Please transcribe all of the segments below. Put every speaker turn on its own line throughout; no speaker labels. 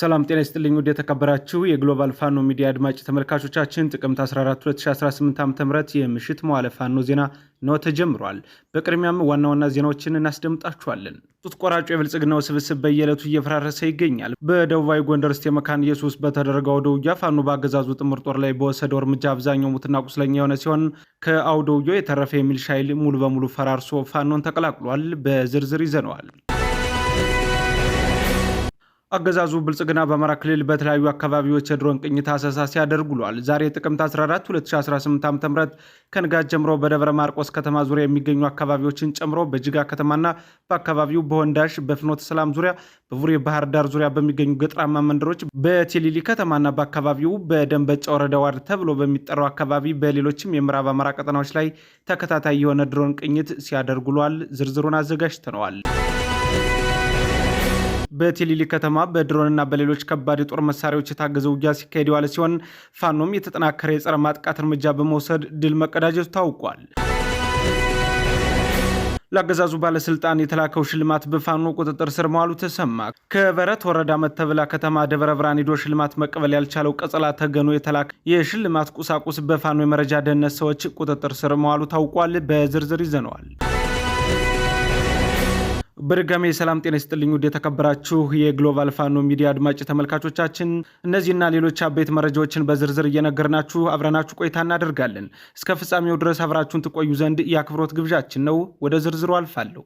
ሰላም ጤና ይስጥልኝ። ውድ የተከበራችሁ የግሎባል ፋኖ ሚዲያ አድማጭ ተመልካቾቻችን ጥቅምት 14 2018 ዓ ም የምሽት መዋለ ፋኖ ዜና ነው ተጀምሯል። በቅድሚያም ዋና ዋና ዜናዎችን እናስደምጣችኋለን።
ጡት ቆራጩ የብልጽግናው ስብስብ በየዕለቱ እየፈራረሰ ይገኛል። በደቡባዊ ጎንደር እስቴ መካነ ኢየሱስ በተደረገ አውደ ውጊያ ፋኖ በአገዛዙ ጥምር ጦር ላይ በወሰደው እርምጃ አብዛኛው ሙትና ቁስለኛ የሆነ ሲሆን ከአውደ ውጊያው የተረፈ የሚሊሻ ኃይል ሙሉ በሙሉ ፈራርሶ ፋኖን ተቀላቅሏል። በዝርዝር ይዘነዋል። አገዛዙ ብልጽግና በአማራ ክልል በተለያዩ አካባቢዎች የድሮን ቅኝት አሰሳ ሲያደርግ ውሏል። ዛሬ ጥቅምት 14 2018 ዓ.ም ከንጋት ጀምሮ በደብረ ማርቆስ ከተማ ዙሪያ የሚገኙ አካባቢዎችን ጨምሮ በጅጋ ከተማና በአካባቢው በወንዳሽ፣ በፍኖተ ሰላም ዙሪያ፣ በቡሬ ባህር ዳር ዙሪያ በሚገኙ ገጠራማ መንደሮች፣ በቴሊሊ ከተማና በአካባቢው በደንበጫ ወረዳ ዋድ ተብሎ በሚጠራው አካባቢ፣ በሌሎችም የምዕራብ አማራ ቀጠናዎች ላይ ተከታታይ የሆነ ድሮን ቅኝት ሲያደርግ ውሏል። ዝርዝሩን አዘጋጅተነዋል። በቴሌሊ ከተማ በድሮንና በሌሎች ከባድ የጦር መሳሪያዎች የታገዘ ውጊያ ሲካሄድ የዋለ ሲሆን ፋኖም የተጠናከረ የጸረ ማጥቃት እርምጃ በመውሰድ ድል መቀዳጀቱ ታውቋል። ለአገዛዙ ባለስልጣን የተላከው ሽልማት በፋኖ ቁጥጥር ስር መዋሉ ተሰማ። ከበረት ወረዳ መተብላ ከተማ ደብረ ብርሃን ሽልማት መቀበል ያልቻለው ቀጸላ ተገኑ የተላከ የሽልማት ቁሳቁስ በፋኖ የመረጃ ደህንነት ሰዎች ቁጥጥር ስር መዋሉ ታውቋል። በዝርዝር ይዘነዋል። በድጋሜ ሰላም ጤና ይስጥልኝ። ውድ የተከበራችሁ የግሎባል ፋኖ ሚዲያ አድማጭ ተመልካቾቻችን እነዚህና ሌሎች አበይት መረጃዎችን በዝርዝር እየነገርናችሁ አብረናችሁ ቆይታ እናደርጋለን። እስከ ፍጻሜው ድረስ አብራችሁን ትቆዩ ዘንድ የአክብሮት ግብዣችን ነው። ወደ ዝርዝሩ አልፋለሁ።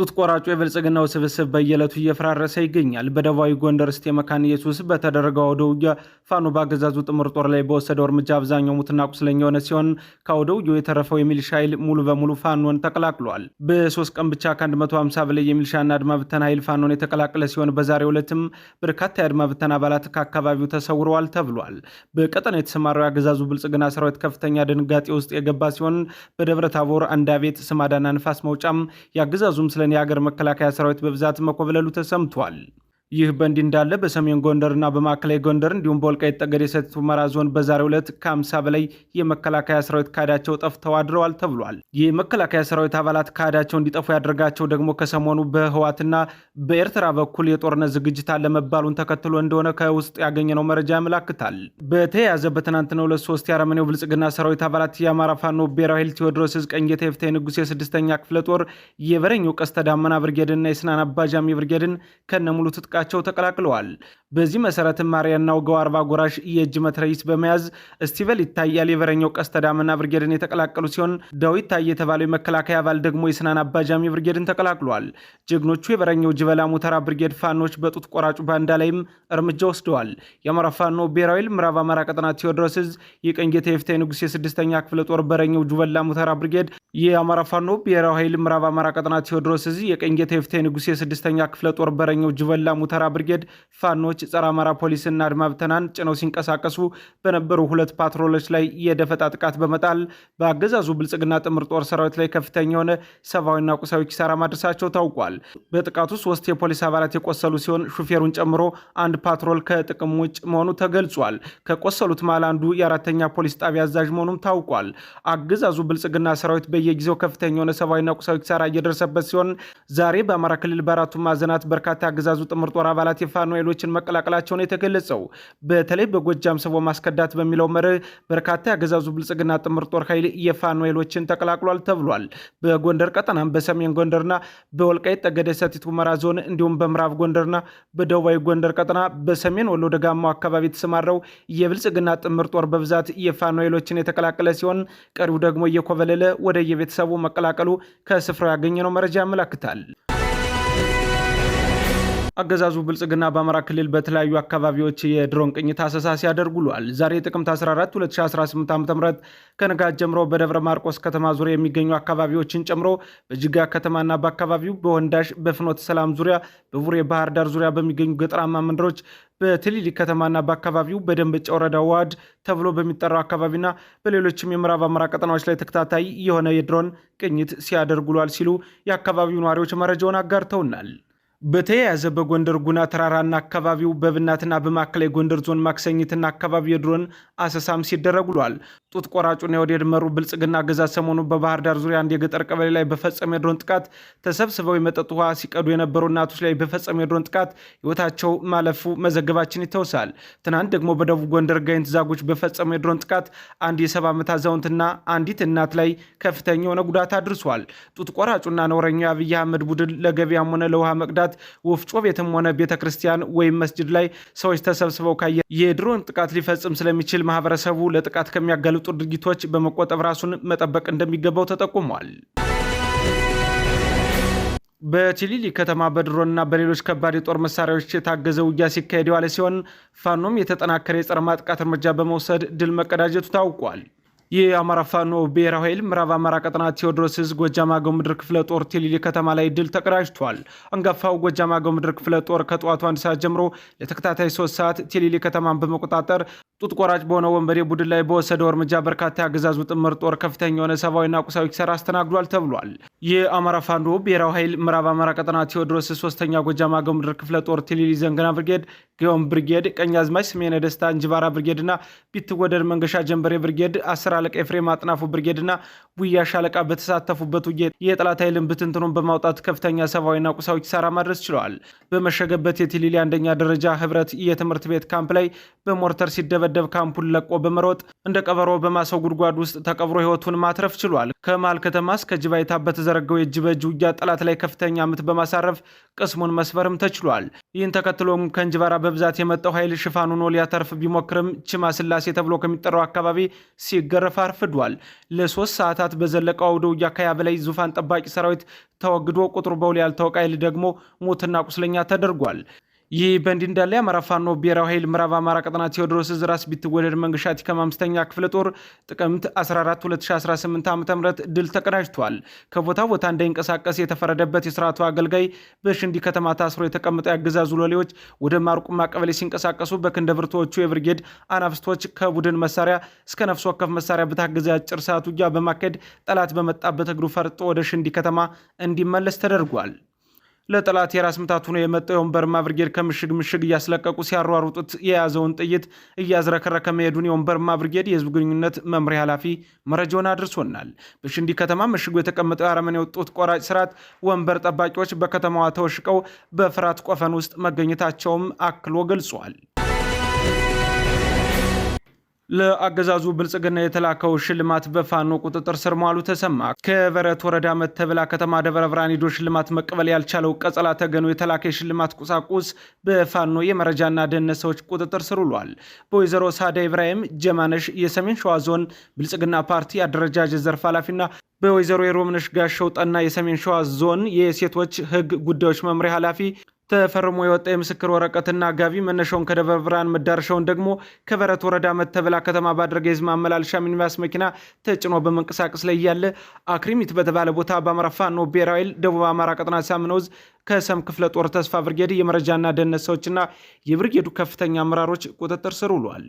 ጡት ቆራጩ የብልጽግናው ስብስብ በየዕለቱ እየፈራረሰ ይገኛል። በደቡባዊ ጎንደር እስቴ መካነ ኢየሱስ በተደረገው አውደ ውጊያ ፋኖ በአገዛዙ ጥምር ጦር ላይ በወሰደው እርምጃ አብዛኛው ሙትና ቁስለኛ የሆነ ሲሆን ከአውደ ውጊያው የተረፈው የሚሊሻ ኃይል ሙሉ በሙሉ ፋኖን ተቀላቅሏል። በሶስት ቀን ብቻ ከ150 በላይ የሚሊሻና አድማ ብተና ኃይል ፋኖን የተቀላቀለ ሲሆን በዛሬው ዕለትም በርካታ የአድማ ብተና አባላት ከአካባቢው ተሰውረዋል ተብሏል። በቀጠና የተሰማረው የአገዛዙ ብልጽግና ሰራዊት ከፍተኛ ድንጋጤ ውስጥ የገባ ሲሆን በደብረ ታቦር፣ አንዳቤት፣ ስማዳና ንፋስ መውጫም የአገዛዙ ስለ የአገር መከላከያ ሰራዊት በብዛት መኮብለሉ ተሰምቷል። ይህ በእንዲህ እንዳለ በሰሜን ጎንደርና በማዕከላዊ ጎንደር እንዲሁም በወልቃይት ጠገዴ ሰቲት ሁመራ ዞን በዛሬው ዕለት ከአምሳ በላይ የመከላከያ ሰራዊት ካዳቸው ጠፍተው አድረዋል ተብሏል። የመከላከያ ሰራዊት አባላት ካዳቸው እንዲጠፉ ያደርጋቸው ደግሞ ከሰሞኑ በህዋትና በኤርትራ በኩል የጦርነት ዝግጅት አለመባሉን ተከትሎ እንደሆነ ከውስጥ ያገኘነው መረጃ ያመላክታል። በተያያዘ በትናንትናው ሁለት ሶስት የአረመኔው ብልጽግና ሰራዊት አባላት የአማራ ፋኖ ብሔራዊ ኃይል ቴዎድሮስ ዕዝ ቀኝጌታ ንጉሥ የስድስተኛ ክፍለ ጦር የበረኞ ቀስተ ዳመና ብርጌድና የስናን አባጃሚ ብርጌድን ከነሙሉ ትጥቃ ትጥቃቸው ተቀላቅለዋል። በዚህ መሰረትም ማሪያና ገው አርባ ጎራሽ የእጅ መትረይስ በመያዝ ስቲቨል ይታያል የበረኛው ቀስተ ዳመና ብርጌድን የተቀላቀሉ ሲሆን ዳዊት ታዬ የተባለው የመከላከያ አባል ደግሞ የስናን አባጃሚ ብርጌድን ተቀላቅሏል። ጀግኖቹ የበረኛው ጅበላ ሙተራ ብርጌድ ፋኖች በጡት ቆራጩ ባንዳ ላይም እርምጃ ወስደዋል። የአማራ ፋኖ ብሔራዊ ምዕራብ አማራ ቀጠና ቴዎድሮስ እዝ የቀኝጌታ የፍትሐ ንጉሥ የስድስተኛ ክፍለ ጦር በረኛው ጁበላ ሙተራ ብርጌድ የአማራ ፋኖ ብሔራዊ ኃይል ምዕራብ አማራ ቀጠና ቴዎድሮስ እዝ የቀኝጌታ የፍትሐ ንጉሥ የስድስተኛ ክፍለ ጦር በረኛው ጁበላ ተራ ብርጌድ ፋኖች ጸረ አማራ ፖሊስና አድማብተናን ጭነው ሲንቀሳቀሱ በነበሩ ሁለት ፓትሮሎች ላይ የደፈጣ ጥቃት በመጣል በአገዛዙ ብልጽግና ጥምር ጦር ሰራዊት ላይ ከፍተኛ የሆነ ሰብአዊና ቁሳዊ ኪሳራ ማድረሳቸው ታውቋል። በጥቃቱ ሶስት የፖሊስ አባላት የቆሰሉ ሲሆን ሹፌሩን ጨምሮ አንድ ፓትሮል ከጥቅም ውጭ መሆኑ ተገልጿል። ከቆሰሉት መሃል አንዱ የአራተኛ ፖሊስ ጣቢያ አዛዥ መሆኑም ታውቋል። አገዛዙ ብልጽግና ሰራዊት በየጊዜው ከፍተኛ የሆነ ሰብአዊና ቁሳዊ ኪሳራ እየደረሰበት ሲሆን ዛሬ በአማራ ክልል በአራቱ ማዕዘናት በርካታ አገዛዙ ጥምር ጦር አባላት የፋኖ ኃይሎችን መቀላቀላቸውን የተገለጸው በተለይ በጎጃም ሰቦ ማስከዳት በሚለው መርህ በርካታ ያገዛዙ ብልጽግና ጥምር ጦር ኃይል የፋኖ ኃይሎችን ተቀላቅሏል ተብሏል። በጎንደር ቀጠናም በሰሜን ጎንደርና በወልቃይት ጠገደ ሰቲት ሁመራ ዞን እንዲሁም በምዕራብ ጎንደርና በደቡባዊ ጎንደር ቀጠና በሰሜን ወሎ ደጋማው አካባቢ የተሰማረው የብልጽግና ጥምር ጦር በብዛት የፋኖ ኃይሎችን የተቀላቀለ ሲሆን ቀሪው ደግሞ እየኮበለለ ወደ የቤተሰቡ መቀላቀሉ ከስፍራው ያገኘነው መረጃ ያመላክታል። አገዛዙ ብልጽግና በአማራ ክልል በተለያዩ አካባቢዎች የድሮን ቅኝት አሰሳ ሲያደርጉ ውሏል። ዛሬ ጥቅምት 14 2018 ዓ ም ከንጋት ጀምሮ በደብረ ማርቆስ ከተማ ዙሪያ የሚገኙ አካባቢዎችን ጨምሮ በጅጋ ከተማና በአካባቢው በወንዳሽ፣ በፍኖተ ሰላም ዙሪያ፣ በቡሬ ባህር ዳር ዙሪያ በሚገኙ ገጠራማ መንደሮች በትሊሊ ከተማና በአካባቢው በደንበጫ ወረዳ ዋድ ተብሎ በሚጠራው አካባቢና በሌሎችም የምዕራብ አማራ ቀጠናዎች ላይ ተከታታይ የሆነ የድሮን ቅኝት ሲያደርግ ውሏል ሲሉ የአካባቢው ነዋሪዎች መረጃውን አጋርተውናል። በተያያዘ በጎንደር ጉና ተራራና አካባቢው በብናትና በማዕከላዊ ጎንደር ዞን ማክሰኝትና አካባቢ የድሮን አሰሳም ሲደረግ ውሏል። ጡት ቆራጩና የወዴድ መሩ ብልጽግና ገዛ ሰሞኑ በባህር ዳር ዙሪያ አንድ የገጠር ቀበሌ ላይ በፈጸመ የድሮን ጥቃት ተሰብስበው የመጠጥ ውሃ ሲቀዱ የነበሩ እናቶች ላይ በፈጸመ የድሮን ጥቃት ሕይወታቸው ማለፉ መዘገባችን ይተውሳል። ትናንት ደግሞ በደቡብ ጎንደር ጋይንት ዛጎች በፈጸመ የድሮን ጥቃት አንድ የሰባ ዓመት አዛውንትና አንዲት እናት ላይ ከፍተኛ የሆነ ጉዳት አድርሷል። ጡት ቆራጩና ነውረኛው የአብይ አህመድ ቡድን ለገበያም ሆነ ለውሃ መቅዳት ሰዓት ወፍጮ ቤትም ሆነ ቤተ ክርስቲያን ወይም መስጅድ ላይ ሰዎች ተሰብስበው ካየ የድሮን ጥቃት ሊፈጽም ስለሚችል ማህበረሰቡ ለጥቃት ከሚያጋልጡ ድርጊቶች በመቆጠብ ራሱን መጠበቅ እንደሚገባው ተጠቁሟል። በቲሊሊ ከተማ በድሮንና በሌሎች ከባድ የጦር መሳሪያዎች የታገዘ ውጊያ ሲካሄድ የዋለ ሲሆን ፋኖም የተጠናከረ የጸረ ማጥቃት እርምጃ በመውሰድ ድል መቀዳጀቱ ታውቋል። የአማራ ፋኖ ብሔራዊ ኃይል ምዕራብ አማራ ቀጠና ቴዎድሮስ ዕዝ ጎጃም አገው ምድር ክፍለ ጦር ቲሊሊ ከተማ ላይ ድል ተቀዳጅቷል። አንጋፋው ጎጃም አገው ምድር ክፍለ ጦር ከጠዋቱ አንድ ሰዓት ጀምሮ ለተከታታይ ሶስት ሰዓት ቴሊሊ ከተማን በመቆጣጠር ጡት ቆራጭ በሆነው ወንበዴ ቡድን ላይ በወሰደው እርምጃ በርካታ የአገዛዙ ጥምር ጦር ከፍተኛ የሆነ ሰብአዊና ቁሳዊ ኪሳራ አስተናግዷል ተብሏል። የአማራ ፋንዶ ብሔራዊ ኃይል ምዕራብ አማራ ቀጠና ቴዎድሮስ ሶስተኛ ጎጃም አገው ምድር ክፍለ ጦር ቴሌሊ ዘንግና ብርጌድ፣ ግዮን ብርጌድ፣ ቀኛዝማች ስሜነ ደስታ እንጅባራ ብርጌድና ቢትወደድ መንገሻ ጀንበሬ ብርጌድ፣ አስር አለቃ ኤፍሬም አጥናፉ ብርጌድና ጉያ ሻለቃ በተሳተፉበት ውጊያ የጠላት ኃይልን ብትንትኑን በማውጣት ከፍተኛ ሰብአዊና ቁሳዊ ኪሳራ ማድረስ ችለዋል። በመሸገበት የቲሊሊ አንደኛ ደረጃ ህብረት የትምህርት ቤት ካምፕ ላይ በሞርተር ሲደበደብ ካምፑን ለቆ በመሮጥ እንደ ቀበሮ በማሰው ጉድጓድ ውስጥ ተቀብሮ ህይወቱን ማትረፍ ችሏል። ከመሃል ከተማ እስከ ጅባይታ በተዘረገው የእጅ በእጅ ውጊያ ጠላት ላይ ከፍተኛ ምት በማሳረፍ ቅስሙን መስበርም ተችሏል። ይህን ተከትሎም ከእንጅባራ በብዛት የመጣው ኃይል ሽፋኑን ሊያተርፍ ቢሞክርም ችማ ስላሴ ተብሎ ከሚጠራው አካባቢ ሲገረፍ አርፍዷል። ለሶስት ሰዓታት ሰዓት በዘለቀው አውደ ውጊያ በላይ ዙፋን ጠባቂ ሰራዊት ተወግዶ ቁጥሩ በውል ያልታወቀ ኃይል ደግሞ ሞትና ቁስለኛ ተደርጓል። ይህ በእንዲህ እንዳለ የአማራ ፋኖ ብሔራዊ ኃይል ምዕራብ አማራ ቀጠና ቴዎድሮስ ዝራስ ራስ ቢትወደድ መንገሻ ቲከም አምስተኛ ክፍለ ጦር ጥቅምት 14 2018 ዓ ም ድል ተቀዳጅቷል። ከቦታ ቦታ እንዳይንቀሳቀስ የተፈረደበት የስርዓቱ አገልጋይ በሽንዲ ከተማ ታስሮ የተቀመጠው ያገዛዙ ሎሌዎች ወደ ማርቁማ ቀበሌ ሲንቀሳቀሱ በክንደ ብርቶቹ የብርጌድ አናብስቶች ከቡድን መሳሪያ እስከ ነፍስ ወከፍ መሳሪያ በታገዘ አጭር ሰዓት ውጊያ በማካሄድ ጠላት በመጣበት እግሩ ፈርጦ ወደ ሽንዲ ከተማ እንዲመለስ ተደርጓል። ለጠላት የራስ ምታት ሆኖ የመጣው የወንበርማ ብርጌድ ከምሽግ ምሽግ እያስለቀቁ ሲያሯሩጡት የያዘውን ጥይት እያዝረከረከ መሄዱን የወንበርማ ብርጌድ የህዝብ ግንኙነት መምሪያ ኃላፊ መረጃውን አድርሶናል። በሽንዲ ከተማ ምሽጉ የተቀመጠው የአረመኔው ጡት ቆራጭ ስርዓት ወንበር ጠባቂዎች በከተማዋ ተወሽቀው በፍርሃት ቆፈን ውስጥ መገኘታቸውም አክሎ ገልጿል። ለአገዛዙ ብልጽግና የተላከው ሽልማት በፋኖ ቁጥጥር ስር መዋሉ ተሰማ። ከበረት ወረዳ መተብላ ከተማ ደብረ ሽልማት መቀበል ያልቻለው ቀጸላ ተገኑ የተላከ የሽልማት ቁሳቁስ በፋኖ የመረጃና ደህንነት ሰዎች ቁጥጥር ስር ውሏል። በወይዘሮ ሳዳ ኢብራሂም ጀማነሽ የሰሜን ሸዋ ዞን ብልጽግና ፓርቲ አደረጃጀት ዘርፍ ኃላፊና በወይዘሮ የሮምነሽ ጋሸው ጠና የሰሜን ሸዋ ዞን የሴቶች ሕግ ጉዳዮች መምሪያ ኃላፊ ተፈርሞ የወጣ የምስክር ወረቀትና ጋቢ መነሻውን ከደብረ ብርሃን መዳረሻውን ደግሞ ከበረት ወረዳ መተብላ ከተማ ባደረገ የህዝብ ማመላለሻ ሚኒባስ መኪና ተጭኖ በመንቀሳቀስ ላይ እያለ አክሪሚት በተባለ ቦታ በአማራ ፋኖ ብሔራዊ ኃይል ደቡብ አማራ ቀጠና ሳምነውዝ ከሰም ክፍለ ጦር ተስፋ ብርጌድ የመረጃና ደህንነት ሰዎችና የብርጌዱ ከፍተኛ አመራሮች ቁጥጥር ስር ውሏል።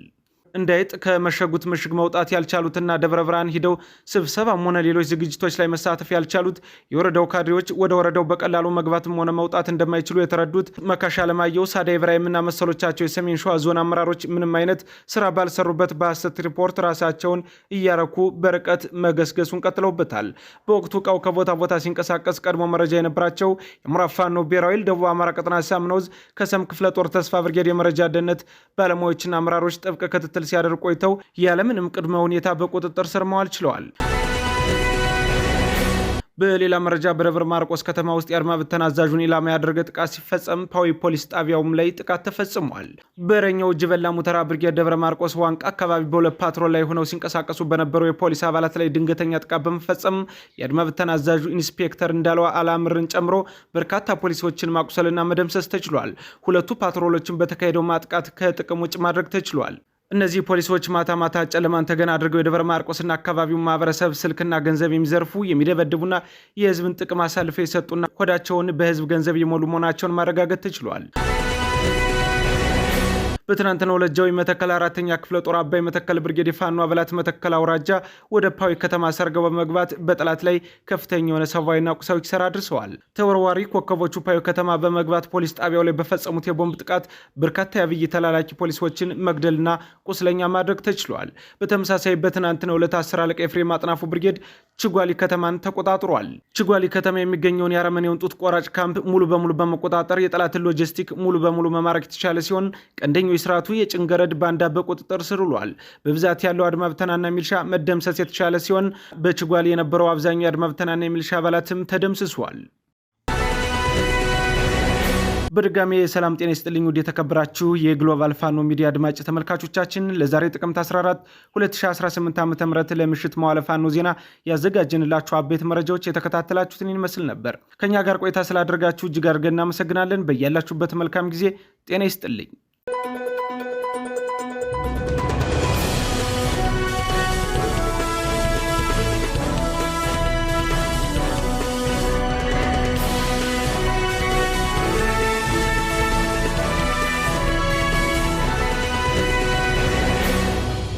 እንዳይጥ ከመሸጉት ምሽግ መውጣት ያልቻሉትና ደብረ ብርሃን ሂደው ስብሰባም ሆነ ሌሎች ዝግጅቶች ላይ መሳተፍ ያልቻሉት የወረዳው ካድሬዎች ወደ ወረዳው በቀላሉ መግባትም ሆነ መውጣት እንደማይችሉ የተረዱት መካሻ ለማየው ሳዳ ኢብራሂምና መሰሎቻቸው የሰሜን ሸዋ ዞን አመራሮች ምንም አይነት ስራ ባልሰሩበት በሐሰት ሪፖርት ራሳቸውን እያረኩ በርቀት መገስገሱን ቀጥለውበታል። በወቅቱ እቃው ከቦታ ቦታ ሲንቀሳቀስ ቀድሞ መረጃ የነበራቸው የሙራፋኖ ብሔራዊ ደቡብ አማራ ቀጠና ሳምነውዝ ከሰም ክፍለ ጦር ተስፋ ብርጌድ የመረጃ ደህንነት ባለሙያዎችና አመራሮች ጥብቅ ክትትል ክትትል ሲያደርግ ቆይተው ያለምንም ቅድመ ሁኔታ በቁጥጥር ስር መዋል ችለዋል። በሌላ መረጃ በደብረ ማርቆስ ከተማ ውስጥ የአድማ ብተና አዛዡን ኢላማ ያደረገ ጥቃት ሲፈጸም ፓዊ ፖሊስ ጣቢያውም ላይ ጥቃት ተፈጽሟል። በረኛው ጅበላ ሙተራ ብርጌድ ደብረ ማርቆስ ዋንቅ አካባቢ በሁለት ፓትሮል ላይ ሆነው ሲንቀሳቀሱ በነበሩ የፖሊስ አባላት ላይ ድንገተኛ ጥቃት በመፈጸም የአድማ ብተና አዛዡ ኢንስፔክተር እንዳለዋ አላምርን ጨምሮ በርካታ ፖሊሶችን ማቁሰልና መደምሰስ ተችሏል። ሁለቱ ፓትሮሎችን በተካሄደው ማጥቃት ከጥቅም ውጭ ማድረግ ተችሏል። እነዚህ ፖሊሶች ማታ ማታ ጨለማን ተገን አድርገው የደብረ ማርቆስና አካባቢውን ማህበረሰብ ስልክና ገንዘብ የሚዘርፉ የሚደበድቡና የህዝብን ጥቅም አሳልፈው የሰጡና ሆዳቸውን በህዝብ ገንዘብ የሞሉ መሆናቸውን ማረጋገጥ ተችሏል። በትናንትናው ዕለት ጃዊ መተከል አራተኛ ክፍለ ጦር አባይ መተከል ብርጌድ የፋኖ አባላት መተከል አውራጃ ወደ ፓዊ ከተማ ሰርገው በመግባት በጠላት ላይ ከፍተኛ የሆነ ሰብአዊና ቁሳዊ ኪሳራ አድርሰዋል። ተወርዋሪ ኮከቦቹ ፓዊ ከተማ በመግባት ፖሊስ ጣቢያው ላይ በፈጸሙት የቦምብ ጥቃት በርካታ የአብይ ተላላኪ ፖሊሶችን መግደልና ቁስለኛ ማድረግ ተችሏል። በተመሳሳይ በትናንትናው ዕለት አስር አለቃ ኤፍሬም አጥናፉ ብርጌድ ችጓሊ ከተማን ተቆጣጥሯል። ችጓሊ ከተማ የሚገኘውን የአረመኔውን ጡት ቆራጭ ካምፕ ሙሉ በሙሉ በመቆጣጠር የጠላትን ሎጂስቲክ ሙሉ በሙሉ መማረክ የተቻለ ሲሆን ቀንደኞች ስርዓቱ የጭንገረድ ባንዳ በቁጥጥር ስር ውሏል። በብዛት ያለው አድማብተናና ሚልሻ መደምሰስ የተቻለ ሲሆን በችጓል የነበረው አብዛኛው የአድማ የሚልሻ አባላትም ተደምስሷል። በድጋሚ የሰላም ጤና ይስጥልኝ። ውድ የተከበራችሁ የግሎባል ፋኖ ሚዲያ አድማጭ ተመልካቾቻችን ለዛሬ ጥቅምት 14 2018 ዓ ም ለምሽት መዋለ ፋኖ ዜና ያዘጋጀንላችሁ አበይት መረጃዎች የተከታተላችሁትን ይመስል ነበር። ከእኛ ጋር ቆይታ ስላደርጋችሁ እጅግ አድርገን እናመሰግናለን። በያላችሁበት መልካም ጊዜ ጤና ይስጥልኝ።